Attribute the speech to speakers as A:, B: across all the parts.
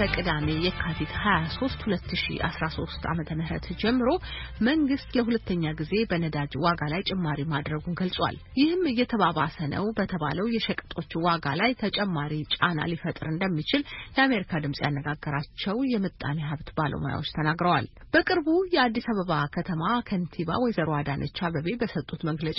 A: ከቅዳሜ የካቲት 23 2013 ዓመተ ምህረት ጀምሮ መንግስት ለሁለተኛ ጊዜ በነዳጅ ዋጋ ላይ ጭማሪ ማድረጉን ገልጿል። ይህም እየተባባሰ ነው በተባለው የሸቀጦች ዋጋ ላይ ተጨማሪ ጫና ሊፈጥር እንደሚችል የአሜሪካ ድምጽ ያነጋገራቸው የምጣኔ ሀብት ባለሙያዎች ተናግረዋል። በቅርቡ የአዲስ አበባ ከተማ ከንቲባ ወይዘሮ አዳነች አበቤ በሰጡት መግለጫ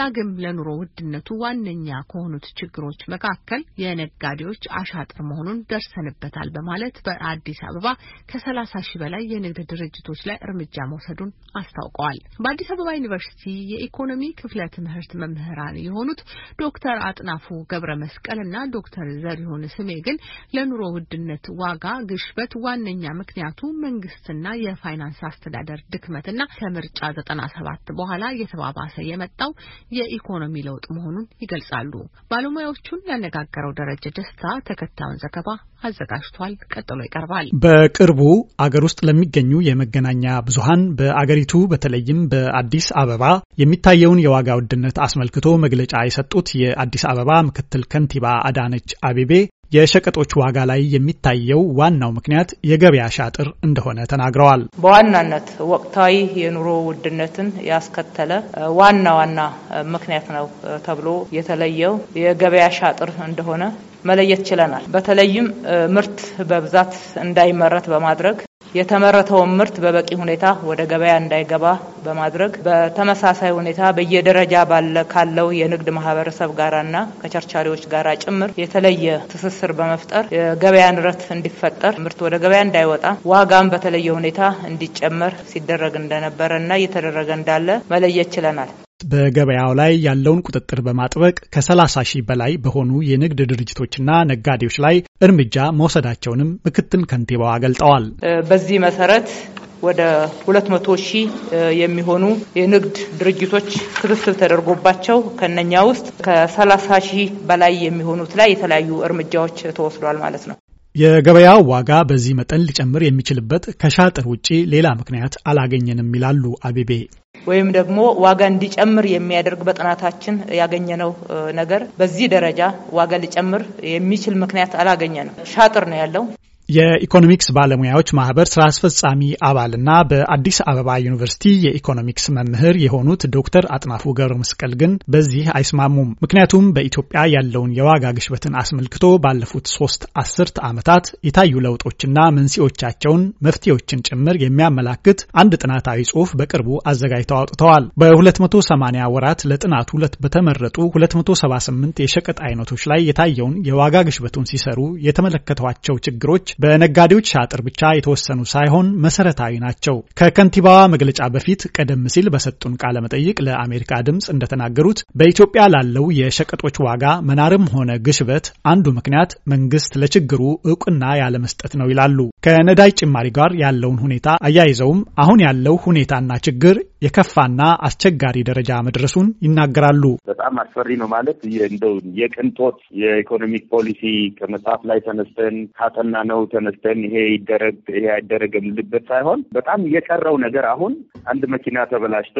A: ዳግም ለኑሮ ውድነቱ ዋነኛ ከሆኑት ችግሮች መካከል የነጋዴዎች አሻጥር መሆኑን ደርሰንበታል በማለት በማለት በአዲስ አበባ ከሰላሳ ሺህ በላይ የንግድ ድርጅቶች ላይ እርምጃ መውሰዱን አስታውቀዋል። በአዲስ አበባ ዩኒቨርሲቲ የኢኮኖሚ ክፍለ ትምህርት መምህራን የሆኑት ዶክተር አጥናፉ ገብረ መስቀል እና ዶክተር ዘሪሁን ስሜ ግን ለኑሮ ውድነት ዋጋ ግሽበት ዋነኛ ምክንያቱ መንግስትና የፋይናንስ አስተዳደር ድክመትና ከምርጫ ዘጠና ሰባት በኋላ እየተባባሰ የመጣው የኢኮኖሚ ለውጥ መሆኑን ይገልጻሉ። ባለሙያዎቹን ያነጋገረው ደረጀ ደስታ ተከታዩን ዘገባ አዘጋጅቷል። ቀጥሎ ይቀርባል።
B: በቅርቡ አገር ውስጥ ለሚገኙ የመገናኛ ብዙሃን በአገሪቱ በተለይም በአዲስ አበባ የሚታየውን የዋጋ ውድነት አስመልክቶ መግለጫ የሰጡት የአዲስ አበባ ምክትል ከንቲባ አዳነች አቤቤ የሸቀጦች ዋጋ ላይ የሚታየው ዋናው ምክንያት የገበያ ሻጥር እንደሆነ ተናግረዋል።
C: በዋናነት ወቅታዊ የኑሮ ውድነትን ያስከተለ ዋና ዋና ምክንያት ነው ተብሎ የተለየው የገበያ ሻጥር እንደሆነ መለየት ችለናል። በተለይም ምርት በብዛት እንዳይመረት በማድረግ የተመረተውን ምርት በበቂ ሁኔታ ወደ ገበያ እንዳይገባ በማድረግ በተመሳሳይ ሁኔታ በየደረጃ ባለ ካለው የንግድ ማህበረሰብ ጋራና ከቸርቻሪዎች ጋራ ጭምር የተለየ ትስስር በመፍጠር የገበያ ንረት እንዲፈጠር ምርት ወደ ገበያ እንዳይወጣ ዋጋም በተለየ ሁኔታ እንዲጨመር ሲደረግ እንደነበረ እና እየተደረገ እንዳለ መለየት ችለናል።
B: በገበያው ላይ ያለውን ቁጥጥር በማጥበቅ ከ30 ሺህ በላይ በሆኑ የንግድ ድርጅቶችና ነጋዴዎች ላይ እርምጃ መውሰዳቸውንም ምክትል ከንቲባዋ ገልጠዋል።
C: በዚህ መሰረት ወደ 200 ሺህ የሚሆኑ የንግድ ድርጅቶች ክትትል ተደርጎባቸው ከነኛ ውስጥ ከ30 ሺህ በላይ የሚሆኑት ላይ የተለያዩ እርምጃዎች ተወስዷል ማለት ነው።
B: የገበያው ዋጋ በዚህ መጠን ሊጨምር የሚችልበት ከሻጥር ውጪ ሌላ ምክንያት አላገኘንም ይላሉ አቤቤ።
C: ወይም ደግሞ ዋጋ እንዲጨምር የሚያደርግ በጥናታችን ያገኘነው ነገር በዚህ ደረጃ ዋጋ ሊጨምር የሚችል ምክንያት አላገኘንም። ሻጥር ነው ያለው።
B: የኢኮኖሚክስ ባለሙያዎች ማህበር ስራ አስፈጻሚ አባልና በአዲስ አበባ ዩኒቨርሲቲ የኢኮኖሚክስ መምህር የሆኑት ዶክተር አጥናፉ ገብረ መስቀል ግን በዚህ አይስማሙም። ምክንያቱም በኢትዮጵያ ያለውን የዋጋ ግሽበትን አስመልክቶ ባለፉት ሶስት አስርት ዓመታት የታዩ ለውጦችና መንስኤዎቻቸውን መፍትሄዎችን ጭምር የሚያመላክት አንድ ጥናታዊ ጽሑፍ በቅርቡ አዘጋጅተው አውጥተዋል። በ280 ወራት ለጥናቱ በተመረጡ 278 የሸቀጥ አይነቶች ላይ የታየውን የዋጋ ግሽበቱን ሲሰሩ የተመለከቷቸው ችግሮች በነጋዴዎች አጥር ብቻ የተወሰኑ ሳይሆን መሰረታዊ ናቸው። ከከንቲባዋ መግለጫ በፊት ቀደም ሲል በሰጡን ቃለ መጠይቅ ለአሜሪካ ድምፅ እንደተናገሩት በኢትዮጵያ ላለው የሸቀጦች ዋጋ መናርም ሆነ ግሽበት አንዱ ምክንያት መንግስት ለችግሩ እውቅና ያለመስጠት ነው ይላሉ። ከነዳጅ ጭማሪ ጋር ያለውን ሁኔታ አያይዘውም አሁን ያለው ሁኔታና ችግር የከፋና አስቸጋሪ ደረጃ መድረሱን ይናገራሉ።
D: በጣም አስፈሪ ነው ማለት እንደው የቅንጦት የኢኮኖሚክ ፖሊሲ ከመጽሐፍ ላይ ተነስተን ካጠና ነው ተነስተን ይሄ ይደረግ ይሄ አይደረግ የምልበት ሳይሆን በጣም የቀረው ነገር አሁን አንድ መኪና ተበላሽቶ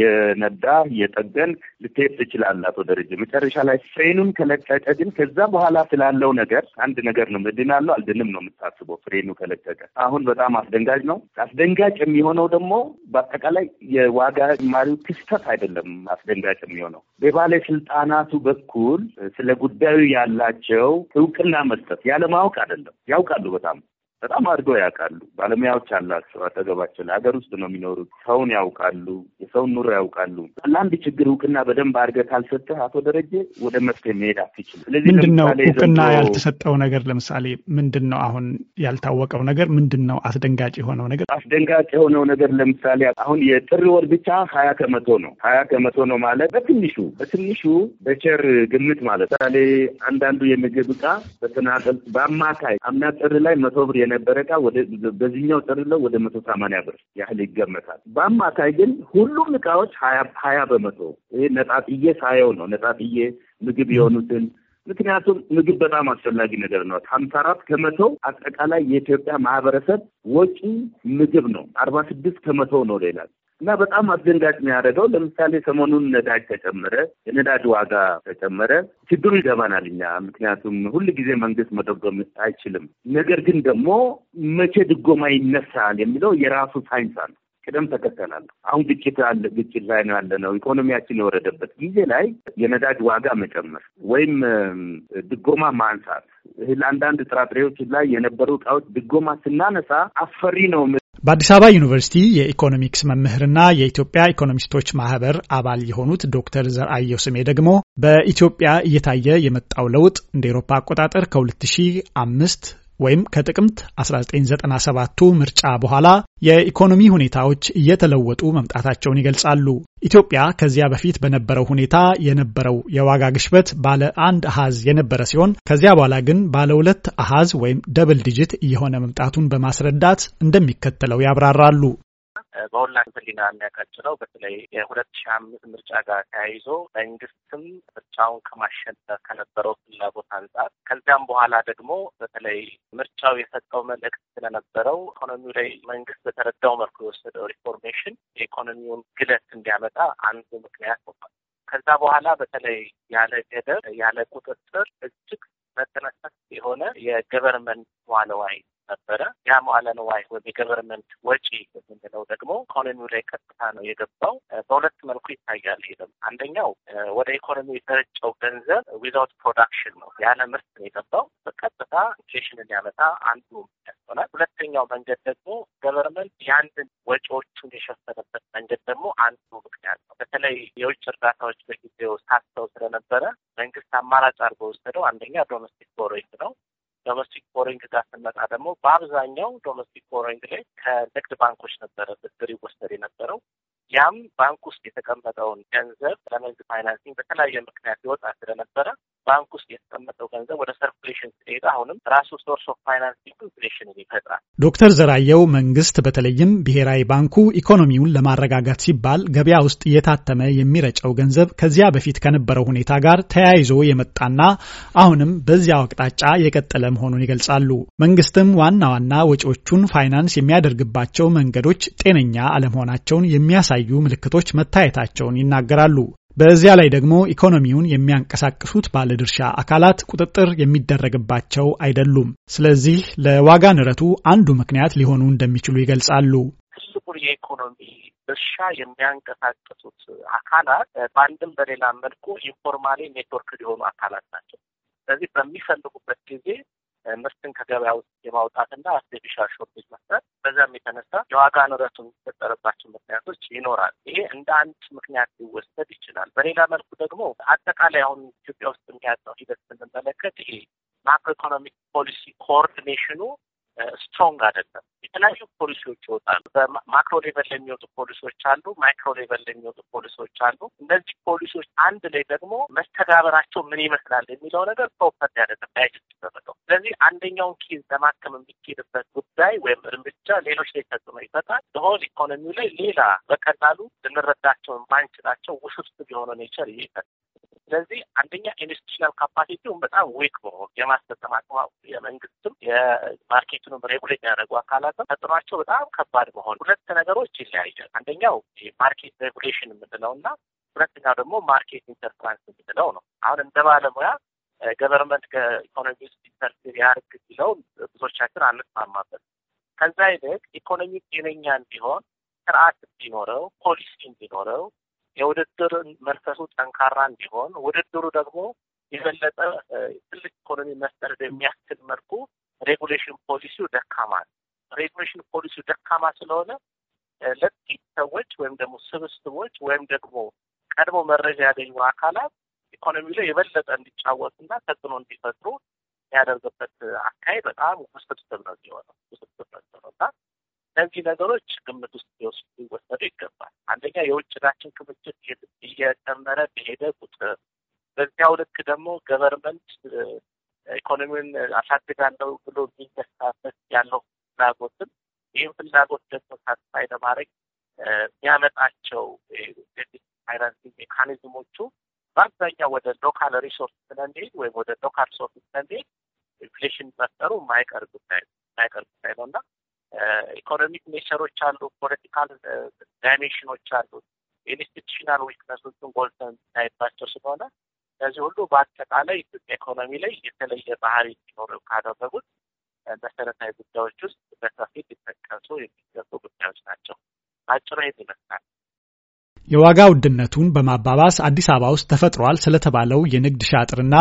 D: የነዳ እየጠገን ልትሄድ ትችላላት ወደ ረጅ መጨረሻ ላይ ፍሬኑን ከለቀቀ ግን ከዛ በኋላ ስላለው ነገር አንድ ነገር ነው እድናለሁ አልድንም ነው የምታስበው ፍሬኑ ከለቀቀ። አሁን በጣም አስደንጋጭ ነው። አስደንጋጭ የሚሆነው ደግሞ በአጠቃላይ የዋጋ ጭማሪው ክስተት አይደለም። አስደንጋጭ የሚሆነው በባለ ስልጣናቱ በኩል ስለ ጉዳዩ ያላቸው እውቅና መስጠት ያለማወቅ አይደለም። ያውቃሉ በጣም በጣም አድርገው ያውቃሉ። ባለሙያዎች አላቸው አጠገባቸው ላይ ሀገር ውስጥ ነው የሚኖሩት። ሰውን ያውቃሉ፣ የሰውን ኑሮ ያውቃሉ። ለአንድ ችግር እውቅና በደንብ አድርገህ ካልሰጠህ አቶ ደረጀ ወደ መፍትሄ መሄድ አትችልም። ስለዚህ ምንድን ነው እውቅና
B: ያልተሰጠው ነገር? ለምሳሌ
D: ምንድን ነው አሁን
B: ያልታወቀው ነገር ምንድን ነው? አስደንጋጭ የሆነው ነገር
D: አስደንጋጭ የሆነው ነገር ለምሳሌ አሁን የጥር ወር ብቻ ሀያ ከመቶ ነው። ሀያ ከመቶ ነው ማለት በትንሹ በትንሹ በቸር ግምት ማለት ለምሳሌ አንዳንዱ የምግብ ዕቃ በተናጠል በአማካይ አምና ጥር ላይ መቶ ብር የነበረ ዕቃ በዚህኛው ለው ወደ መቶ ሰማንያ ብር ያህል ይገመታል። በአማካይ ግን ሁሉም እቃዎች ሀያ በመቶ ይህ ነጣጥዬ ሳየው ነው ነጣጥዬ ምግብ የሆኑትን ምክንያቱም ምግብ በጣም አስፈላጊ ነገር ነው። ሀምሳ አራት ከመቶ አጠቃላይ የኢትዮጵያ ማህበረሰብ ወጪ ምግብ ነው። አርባ ስድስት ከመቶ ነው ሌላል እና በጣም አስደንጋጭ የሚያደርገው ለምሳሌ ሰሞኑን ነዳጅ ተጨመረ፣ የነዳጅ ዋጋ ተጨመረ። ችግሩ ይገባናል እኛ ምክንያቱም ሁል ጊዜ መንግስት መደጎም አይችልም። ነገር ግን ደግሞ መቼ ድጎማ ይነሳል የሚለው የራሱ ሳይንስ አለ። ቅደም ተከተላል። አሁን ግጭት አለ ግጭት ላይ ነው ያለ ነው። ኢኮኖሚያችን የወረደበት ጊዜ ላይ የነዳጅ ዋጋ መጨመር ወይም ድጎማ ማንሳት ለአንዳንድ ጥራጥሬዎች ላይ የነበሩ እቃዎች ድጎማ ስናነሳ አፈሪ ነው።
B: በአዲስ አበባ ዩኒቨርሲቲ የኢኮኖሚክስ መምህርና የኢትዮጵያ ኢኮኖሚስቶች ማህበር አባል የሆኑት ዶክተር ዘርአየሁ ስሜ ደግሞ በኢትዮጵያ እየታየ የመጣው ለውጥ እንደ ኤሮፓ አቆጣጠር ከ2005 ወይም ከጥቅምት 1997ቱ ምርጫ በኋላ የኢኮኖሚ ሁኔታዎች እየተለወጡ መምጣታቸውን ይገልጻሉ። ኢትዮጵያ ከዚያ በፊት በነበረው ሁኔታ የነበረው የዋጋ ግሽበት ባለ አንድ አሃዝ የነበረ ሲሆን ከዚያ በኋላ ግን ባለ ሁለት አሃዝ ወይም ደብል ዲጂት እየሆነ መምጣቱን በማስረዳት እንደሚከተለው ያብራራሉ።
E: በሁላችን ህሊና የሚያቃጭለው በተለይ የሁለት ሺህ አምስት ምርጫ ጋር ተያይዞ መንግስትም ምርጫውን ከማሸነፍ ከነበረው ፍላጎት አንጻር ከዚያም በኋላ ደግሞ በተለይ ምርጫው የሰጠው መልእክት ስለነበረው ኢኮኖሚው ላይ መንግስት በተረዳው መልኩ የወሰደው ሪፎርሜሽን የኢኮኖሚውን ግለት እንዲያመጣ አንዱ ምክንያት ሆኗል። ከዛ በኋላ በተለይ ያለ ገደብ ያለ ቁጥጥር እጅግ መጠነ ሰፊ የሆነ የገቨርንመንት ዋለዋይ ነበረ። ያ መዋለ ንዋይ ወይም የገቨርንመንት ወጪ የምንለው ደግሞ ኢኮኖሚው ላይ ቀጥታ ነው የገባው። በሁለት መልኩ ይታያል። ይሄም አንደኛው ወደ ኢኮኖሚው የተረጨው ገንዘብ ዊዛውት ፕሮዳክሽን ነው፣ ያለ ምርት ነው የገባው። በቀጥታ ኢንፍሌሽንን ያመጣ አንዱ ሆናል። ሁለተኛው መንገድ ደግሞ ገቨርንመንት ያንድን ወጪዎቹን የሸፈነበት መንገድ ደግሞ አንዱ ምክንያት ነው። በተለይ የውጭ እርዳታዎች በጊዜው ሳስተው ስለነበረ መንግስት አማራጭ አድርጎ ወሰደው አንደኛ ዶሜስቲክ ቦሮይንግ ነው። ዶሜስቲክ ቦሪንግ ጋር ስንመጣ ደግሞ በአብዛኛው ዶሜስቲክ ቦሪንግ ላይ ከንግድ ባንኮች ነበረ ብድር ይወሰድ የነበረው። ያም ባንክ ውስጥ የተቀመጠውን ገንዘብ ለመንዝ ፋይናንሲንግ በተለያየ ምክንያት ይወጣ ስለነበረ ባንክ ውስጥ የተቀመጠው ገንዘብ ወደ ሰርኩሌሽን ሲሄድ አሁንም ራሱ ሶርስ ኦፍ ፋይናንሲንግ ኢንፍሌሽን
B: ይፈጥራል። ዶክተር ዘራየው መንግስት በተለይም ብሔራዊ ባንኩ ኢኮኖሚውን ለማረጋጋት ሲባል ገበያ ውስጥ እየታተመ የሚረጨው ገንዘብ ከዚያ በፊት ከነበረው ሁኔታ ጋር ተያይዞ የመጣና አሁንም በዚያው አቅጣጫ የቀጠለ መሆኑን ይገልጻሉ። መንግስትም ዋና ዋና ወጪዎቹን ፋይናንስ የሚያደርግባቸው መንገዶች ጤነኛ አለመሆናቸውን የሚያሳ የሚያሳዩ ምልክቶች መታየታቸውን ይናገራሉ። በዚያ ላይ ደግሞ ኢኮኖሚውን የሚያንቀሳቅሱት ባለድርሻ አካላት ቁጥጥር የሚደረግባቸው አይደሉም። ስለዚህ ለዋጋ ንረቱ አንዱ ምክንያት ሊሆኑ እንደሚችሉ ይገልጻሉ።
E: ትልቁን የኢኮኖሚ ድርሻ የሚያንቀሳቅሱት አካላት በአንድም በሌላ መልኩ ኢንፎርማሌ ኔትወርክ ሊሆኑ አካላት ናቸው። ስለዚህ በሚፈልጉበት ጊዜ ምርትን ከገበያ ውስጥ የማውጣትና አርቲፊሻል ሾርቴጅ መፍጠር፣ በዛም የተነሳ የዋጋ ንረቱን የሚፈጠረባቸው ምክንያቶች ይኖራል። ይሄ እንደ አንድ ምክንያት ሊወሰድ ይችላል። በሌላ መልኩ ደግሞ አጠቃላይ አሁን ኢትዮጵያ ውስጥ የሚያጣው ሂደት ስንመለከት ይሄ ማክሮ ኢኮኖሚክ ፖሊሲ ኮኦርዲኔሽኑ ስትሮንግ አይደለም። የተለያዩ ፖሊሲዎች ይወጣሉ። በማክሮ ሌቨል የሚወጡ ፖሊሶች አሉ፣ ማይክሮ ሌቨል የሚወጡ ፖሊሶች አሉ። እነዚህ ፖሊሶች አንድ ላይ ደግሞ መስተጋበራቸው ምን ይመስላል የሚለው ነገር ፕሮፐር ያደለም ላይ በመለው ስለዚህ አንደኛውን ኬዝ ለማከም የሚኬድበት ጉዳይ ወይም እርምጃ ሌሎች ላይ ተጽዕኖ ይፈጣል። በሆል ኢኮኖሚው ላይ ሌላ በቀላሉ ልንረዳቸው የማንችላቸው ውስብስብ የሆነ ኔቸር ይይፈል ስለዚህ አንደኛ ኢንስቲቱሽናል ካፓሲቲውን በጣም ዊክ መሆን የማስፈጸም አቅም የመንግስትም የማርኬቱንም ሬጉሌት ያደረጉ አካላትም ተጽዕኗቸው በጣም ከባድ መሆን ሁለት ነገሮች ይለያያል። አንደኛው የማርኬት ሬጉሌሽን የምንለው እና ሁለተኛው ደግሞ ማርኬት ኢንተርፕራንስ የምንለው ነው። አሁን እንደ ባለሙያ ገቨርንመንት ከኢኮኖሚ ውስጥ ኢንተርፌር ያርግ ሲለው ብዙዎቻችን አንስማማበት። ከዛ ይልቅ ኢኮኖሚ ጤነኛ እንዲሆን ስርዓት እንዲኖረው ፖሊሲ እንዲኖረው የውድድር መንፈሱ ጠንካራ እንዲሆን ውድድሩ ደግሞ የበለጠ ትልቅ ኢኮኖሚ መፍጠር የሚያስችል መልኩ ሬጉሌሽን ፖሊሲው ደካማ ነው። ሬጉሌሽን ፖሊሲው ደካማ ስለሆነ ለጥቂት ሰዎች ወይም ደግሞ ስብስቦች ወይም ደግሞ ቀድሞ መረጃ ያገኙ አካላት ኢኮኖሚው ላይ የበለጠ እንዲጫወቱና ተጽዕኖ እንዲፈጥሩ ያደርግበት አካሄድ በጣም ውስብስብ ነው የሆነው ውስብስብ ነው እና እነዚህ ነገሮች ግምት ውስጥ ሊወስዱ ልክ ደግሞ ገቨርንመንት ኢኮኖሚውን uh, አሳድጋለሁ ብሎ የሚነሳበት ያለው ፍላጎትም ይህም ፍላጎት ደግሞ ሳትፋይ ለማድረግ uh, የሚያመጣቸው ፋይናንሲንግ uh, ሜካኒዝሞቹ በአብዛኛው ወደ ሎካል ሪሶርስ ስለንሄድ ወይም ወደ ሎካል ሶርስ ስለንሄድ ኢንፍሌሽን መፍጠሩ የማይቀር ጉዳይ የማይቀር ጉዳይ ነው እና ኢኮኖሚክ ሜሸሮች አሉ፣ ፖለቲካል ዳይሜንሽኖች አሉ፣ ኢንስቲቱሽናል ዊክነሶችን ጎልተን ታይባቸው ስለሆነ እነዚህ ሁሉ በአጠቃላይ ኢትዮጵያ ኢኮኖሚ ላይ የተለየ ባህሪ እንዲኖረው ካደረጉት መሰረታዊ ጉዳዮች ውስጥ በሰፊት ሊጠቀሱ የሚገቡ ጉዳዮች ናቸው። አጭሩ
B: ይመስላል። የዋጋ ውድነቱን በማባባስ አዲስ አበባ ውስጥ ተፈጥሯል ስለተባለው የንግድ ሻጥርና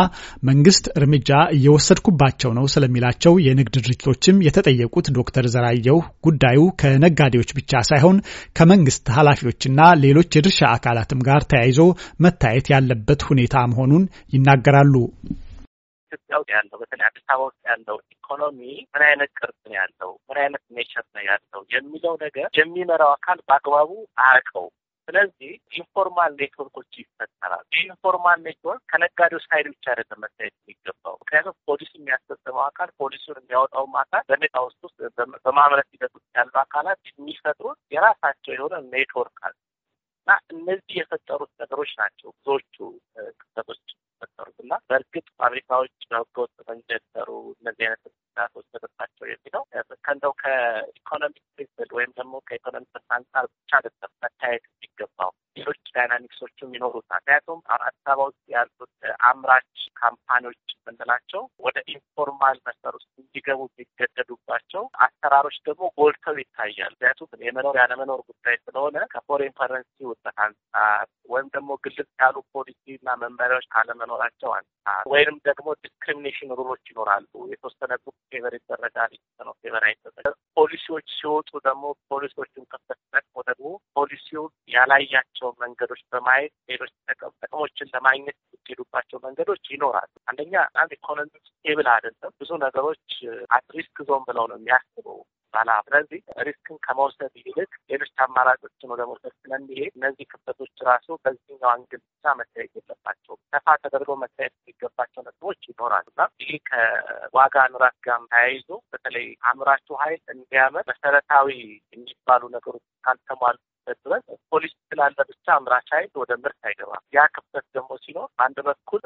B: መንግስት እርምጃ እየወሰድኩባቸው ነው ስለሚላቸው የንግድ ድርጅቶችም የተጠየቁት ዶክተር ዘራየው ጉዳዩ ከነጋዴዎች ብቻ ሳይሆን ከመንግስት ኃላፊዎችና ሌሎች የድርሻ አካላትም ጋር ተያይዞ መታየት ያለበት ሁኔታ መሆኑን ይናገራሉ።
E: ኢትዮጵያ ውስጥ ያለው በተለይ አዲስ አበባ ውስጥ ያለው ኢኮኖሚ ምን አይነት ቅርጽ ነው ያለው፣ ምን አይነት ኔቸር ነው ያለው የሚለው ነገር የሚመራው አካል በአግባቡ አያውቀውም። ስለዚህ ኢንፎርማል ኔትወርኮች ይፈጠራል። ኢንፎርማል ኔትወርክ ከነጋዴው ሳይድ ብቻ አይደለም መታየት የሚገባው። ምክንያቱም ፖሊሱ የሚያስፈጽመው አካል ፖሊሱን የሚያወጣውም አካል በሜታ ውስጥ ውስጥ በማህበረት ሂደት ውስጥ ያሉ አካላት የሚፈጥሩት የራሳቸው የሆነ ኔትወርክ አለ እና እነዚህ የፈጠሩት ነገሮች ናቸው ብዙዎቹ ክስተቶች የሚፈጠሩት እና በእርግጥ ፋብሪካዎች በህገወጥ መንገድ ሰሩ እነዚህ አይነት ስጋቶች ተደርሳቸው የሚለው ከእንደው ከኢኮኖሚክ ፕሪንስል ወይም ደግሞ ከኢኮኖሚክ አንጻር ብቻ አይደለም መታየት የሚገባው። ሌሎች ዳይናሚክሶችም ይኖሩታል። ምክንያቱም አዲስ አበባ ውስጥ ያሉት አምራች ካምፓኒዎች የምንላቸው ወደ ኢንፎርማል መስመር ውስጥ እንዲገቡ የሚገደዱባቸው አሰራሮች ደግሞ ጎልተው ይታያል። ምክንያቱም የመኖር ያለመኖር ጉዳይ ስለሆነ ከፎሬን ከረንሲ ውጠት አንጻር ወይም ደግሞ ግልጽ ያሉ ፖሊሲ እና መመሪያዎች ካለመኖራቸው አንጻር ወይም ደግሞ ዲስክሪሚኔሽን ሩሎች ይኖራሉ። የተወሰነ ግሩፕ ፌቨር ይደረጋል፣ የተወሰነው ፌቨር አይደረግም። ፖሊሲዎች ሲወጡ ደግሞ ፖሊሲዎቹን ከፈትነት ፖሊሲውን ያላያቸው መንገዶች በማየት ሌሎች ጥቅሞችን ለማግኘት የሚሄዱባቸው መንገዶች ይኖራሉ። አንደኛ አንድ ኢኮኖሚ ስቴብል አይደለም። ብዙ ነገሮች አትሪስክ ዞን ብለው ነው የሚያስበው ባላ ስለዚህ ሪስክን ከመውሰድ ይልቅ ሌሎች አማራጮችን ወደ መውሰድ ስለሚሄድ እነዚህ ክፍተቶች ራሱ በዚህኛው አንግል ብቻ መታየት የለባቸው ሰፋ ተደርጎ መታየት የሚገባቸው ነጥቦች ይኖራሉ እና ይህ ከዋጋ ንራት ጋር ተያይዞ በተለይ አምራቹ ኃይል እንዲያመር መሰረታዊ የሚባሉ ነገሮች ካልተሟሉ ድረስ ፖሊሲ ስላለ ብቻ አምራች ኃይል ወደ ምርት አይገባም። ያ ክፍተት ደግሞ ሲኖር አንድ በኩል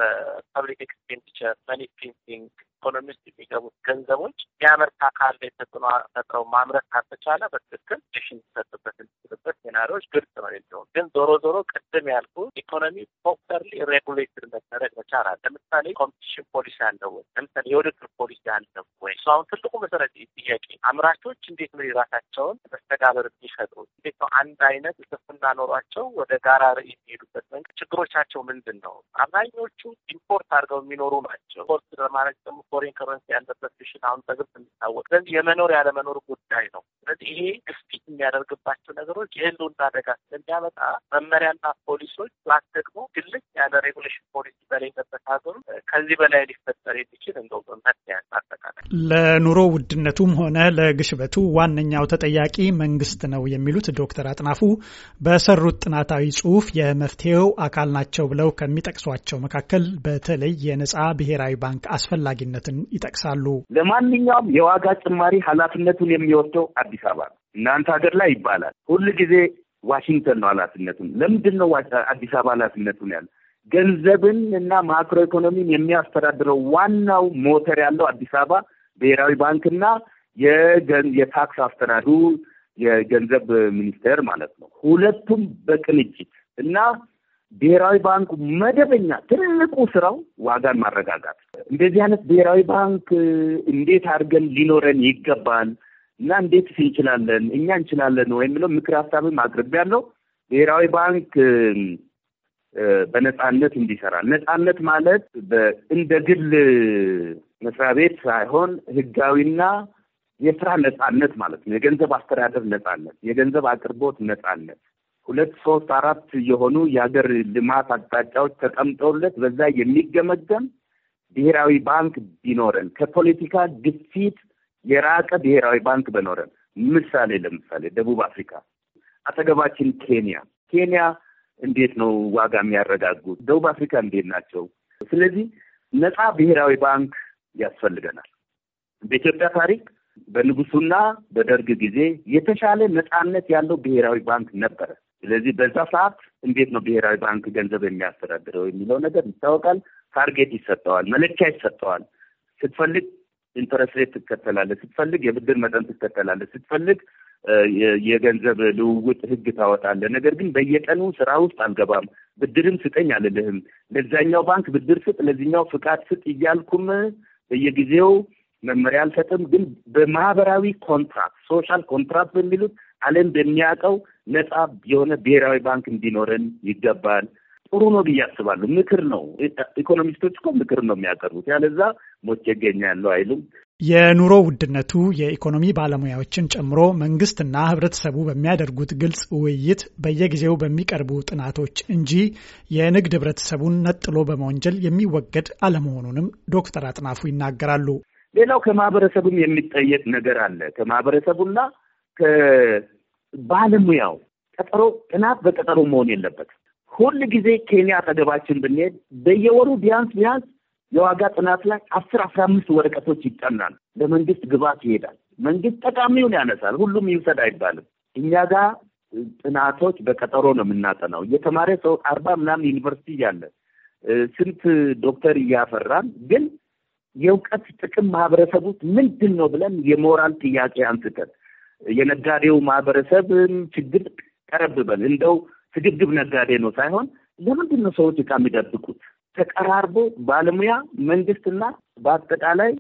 E: ፐብሊክ ኤክስፔንዲቸር መኒ ፕሪንቲንግ ኢኮኖሚ ውስጥ የሚገቡት ገንዘቦች የሚያመርት አካል ላይ ተጽዕኖ ፈጥረው ማምረት ካልተቻለ በትክክል ሽን ተሰጥበት የሚችልበት ሴናሪዎች ግልጽ ነው የለውም። ግን ዞሮ ዞሮ ቅድም ያልኩ ኢኮኖሚ ፕሮፐርሊ ሬጉሌትድ መደረግ መቻል አለ። ለምሳሌ ኮምፒቲሽን ፖሊሲ አለ ወይ? ለምሳሌ የውድድር ፖሊሲ አለ ወይ? እሱ አሁን ትልቁ መሰረት ጥያቄ አምራቾች እንዴት ነው የራሳቸውን መስተጋበር የሚፈጥሩ? እንዴት ነው አንድ አይነት ስፍና ኖሯቸው ወደ ጋራ ርዕይ የሚሄዱበት መንገድ? ችግሮቻቸው ምንድን ነው? አብዛኞቹ ኢምፖርት አድርገው የሚኖሩ ናቸው። ኢምፖርት ለማድረግ ደግሞ ፎሬን ከረንሲ ያለበት ብሽን አሁን በግልጽ የሚታወቅ ስለዚህ የመኖር ያለመኖር ጉዳይ ነው። ስለዚህ ይሄ ግፊት የሚያደርግባቸው ነገሮች የህልውና አደጋ ስለሚያመጣ መመሪያና ፖሊሶች ፕላስ ደግሞ ግልጽ ያለ ሬጉሌሽን ፖሊሲ በሌለበት ሀገሩ ከዚህ በላይ ሊፈጠር የሚችል እንደው መመሪያ
B: ለኑሮ ውድነቱም ሆነ ለግሽበቱ ዋነኛው ተጠያቂ መንግስት ነው የሚሉት ዶክተር አጥናፉ በሰሩት ጥናታዊ ጽሁፍ የመፍትሄው አካል ናቸው ብለው ከሚጠቅሷቸው መካከል በተለይ የነፃ ብሔራዊ ባንክ አስፈላጊነትን ይጠቅሳሉ።
D: ለማንኛውም የዋጋ ጭማሪ ኃላፊነቱን የሚወስደው አዲስ አበባ ነው። እናንተ ሀገር ላይ ይባላል ሁል ጊዜ ዋሽንግተን ነው ኃላፊነቱን። ለምንድን ነው አዲስ አበባ ኃላፊነቱን ያለ ገንዘብን እና ማክሮ ኢኮኖሚን የሚያስተዳድረው ዋናው ሞተር ያለው አዲስ አበባ ብሔራዊ ባንክና የታክስ አስተዳደሩ የገንዘብ ሚኒስቴር ማለት ነው። ሁለቱም በቅንጅት እና ብሔራዊ ባንኩ መደበኛ ትልቁ ስራው ዋጋን ማረጋጋት። እንደዚህ አይነት ብሔራዊ ባንክ እንዴት አድርገን ሊኖረን ይገባል እና እንዴት እንችላለን እኛ እንችላለን ወይም ብለው ምክር ሀሳብም አቅርቤ ያለው ብሔራዊ ባንክ በነፃነት እንዲሰራ ነፃነት ማለት እንደ ግል መስሪያ ቤት ሳይሆን ህጋዊና የስራ ነጻነት ማለት ነው። የገንዘብ አስተዳደር ነጻነት፣ የገንዘብ አቅርቦት ነጻነት ሁለት ሶስት አራት የሆኑ የሀገር ልማት አቅጣጫዎች ተቀምጠውለት በዛ የሚገመገም ብሔራዊ ባንክ ቢኖረን ከፖለቲካ ግፊት የራቀ ብሔራዊ ባንክ በኖረን። ምሳሌ ለምሳሌ ደቡብ አፍሪካ፣ አጠገባችን ኬንያ። ኬንያ እንዴት ነው ዋጋ የሚያረጋጉት? ደቡብ አፍሪካ እንዴት ናቸው? ስለዚህ ነፃ ብሔራዊ ባንክ ያስፈልገናል። በኢትዮጵያ ታሪክ በንጉሱና በደርግ ጊዜ የተሻለ ነፃነት ያለው ብሔራዊ ባንክ ነበረ። ስለዚህ በዛ ሰዓት እንዴት ነው ብሔራዊ ባንክ ገንዘብ የሚያስተዳድረው የሚለው ነገር ይታወቃል። ታርጌት ይሰጠዋል፣ መለኪያ ይሰጠዋል። ስትፈልግ ኢንተረስት ሬት ትከተላለህ፣ ስትፈልግ የብድር መጠን ትከተላለህ፣ ስትፈልግ የገንዘብ ልውውጥ ህግ ታወጣለህ። ነገር ግን በየቀኑ ስራ ውስጥ አልገባም፣ ብድርም ስጠኝ አልልህም። ለዛኛው ባንክ ብድር ስጥ፣ ለዚኛው ፍቃድ ስጥ እያልኩም በየጊዜው መመሪያ አልሰጥም፣ ግን በማህበራዊ ኮንትራክት ሶሻል ኮንትራክት በሚሉት ዓለም በሚያውቀው ነጻ የሆነ ብሔራዊ ባንክ እንዲኖረን ይገባል። ጥሩ ነው ብዬ አስባለሁ። ምክር ነው። ኢኮኖሚስቶች እኮ ምክር ነው የሚያቀርቡት። ያለዛ ሞቼ እገኛለሁ አይሉም።
B: የኑሮ ውድነቱ የኢኮኖሚ ባለሙያዎችን ጨምሮ መንግስትና ህብረተሰቡ በሚያደርጉት ግልጽ ውይይት በየጊዜው በሚቀርቡ ጥናቶች እንጂ የንግድ ህብረተሰቡን ነጥሎ በመወንጀል የሚወገድ አለመሆኑንም ዶክተር አጥናፉ ይናገራሉ።
D: ሌላው ከማህበረሰቡም የሚጠየቅ ነገር አለ። ከማህበረሰቡና ከባለሙያው ቀጠሮ ጥናት በቀጠሮ መሆን የለበት። ሁል ጊዜ ኬንያ አጠገባችን ብንሄድ በየወሩ ቢያንስ ቢያንስ የዋጋ ጥናት ላይ አስር አስራ አምስት ወረቀቶች ይጠናል። ለመንግስት ግብዓት ይሄዳል። መንግስት ጠቃሚውን ያነሳል። ሁሉም ይውሰድ አይባልም። እኛ ጋር ጥናቶች በቀጠሮ ነው የምናጠናው። የተማረ ሰው አርባ ምናምን ዩኒቨርሲቲ እያለ ስንት ዶክተር እያፈራን ግን የእውቀት ጥቅም ማህበረሰብ ውስጥ ምንድን ነው ብለን የሞራል ጥያቄ አንስተን የነጋዴው ማህበረሰብን ችግር ቀረብ በል እንደው ስግብግብ ነጋዴ ነው ሳይሆን ለምንድን ነው ሰዎች እቃ የሚደብቁት? ተቀራርቦ ባለሙያ መንግስትና በአጠቃላይ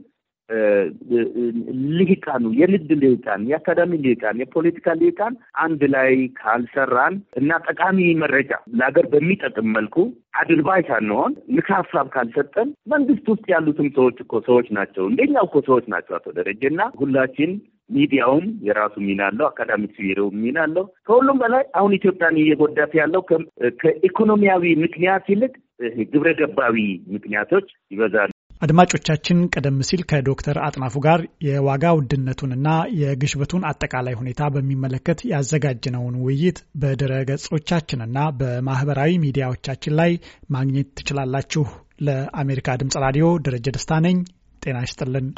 D: ልሂቃኑ የንግድ ልሂቃን፣ የአካዳሚ ልሂቃን፣ የፖለቲካ ልሂቃን አንድ ላይ ካልሰራን እና ጠቃሚ መረጃ ለሀገር በሚጠቅም መልኩ አድርባይ ሳንሆን ምክር ሀሳብ ካልሰጠን መንግስት ውስጥ ያሉትም ሰዎች እኮ ሰዎች ናቸው፣ እንደኛው እኮ ሰዎች ናቸው። አቶ ደረጀ እና ሁላችን ሚዲያውም የራሱ ሚና አለው። አካዳሚክስ ቢሮው ሚና አለው። ከሁሉም በላይ አሁን ኢትዮጵያን እየጎዳት ያለው ከኢኮኖሚያዊ ምክንያት ይልቅ ግብረ ገባዊ ምክንያቶች ይበዛሉ።
B: አድማጮቻችን ቀደም ሲል ከዶክተር አጥናፉ ጋር የዋጋ ውድነቱንና የግሽበቱን አጠቃላይ ሁኔታ በሚመለከት ያዘጋጅነውን ውይይት በድረ ገጾቻችንና በማህበራዊ ሚዲያዎቻችን ላይ ማግኘት ትችላላችሁ። ለአሜሪካ ድምጽ ራዲዮ ደረጀ ደስታ ነኝ። ጤና ይስጥልን።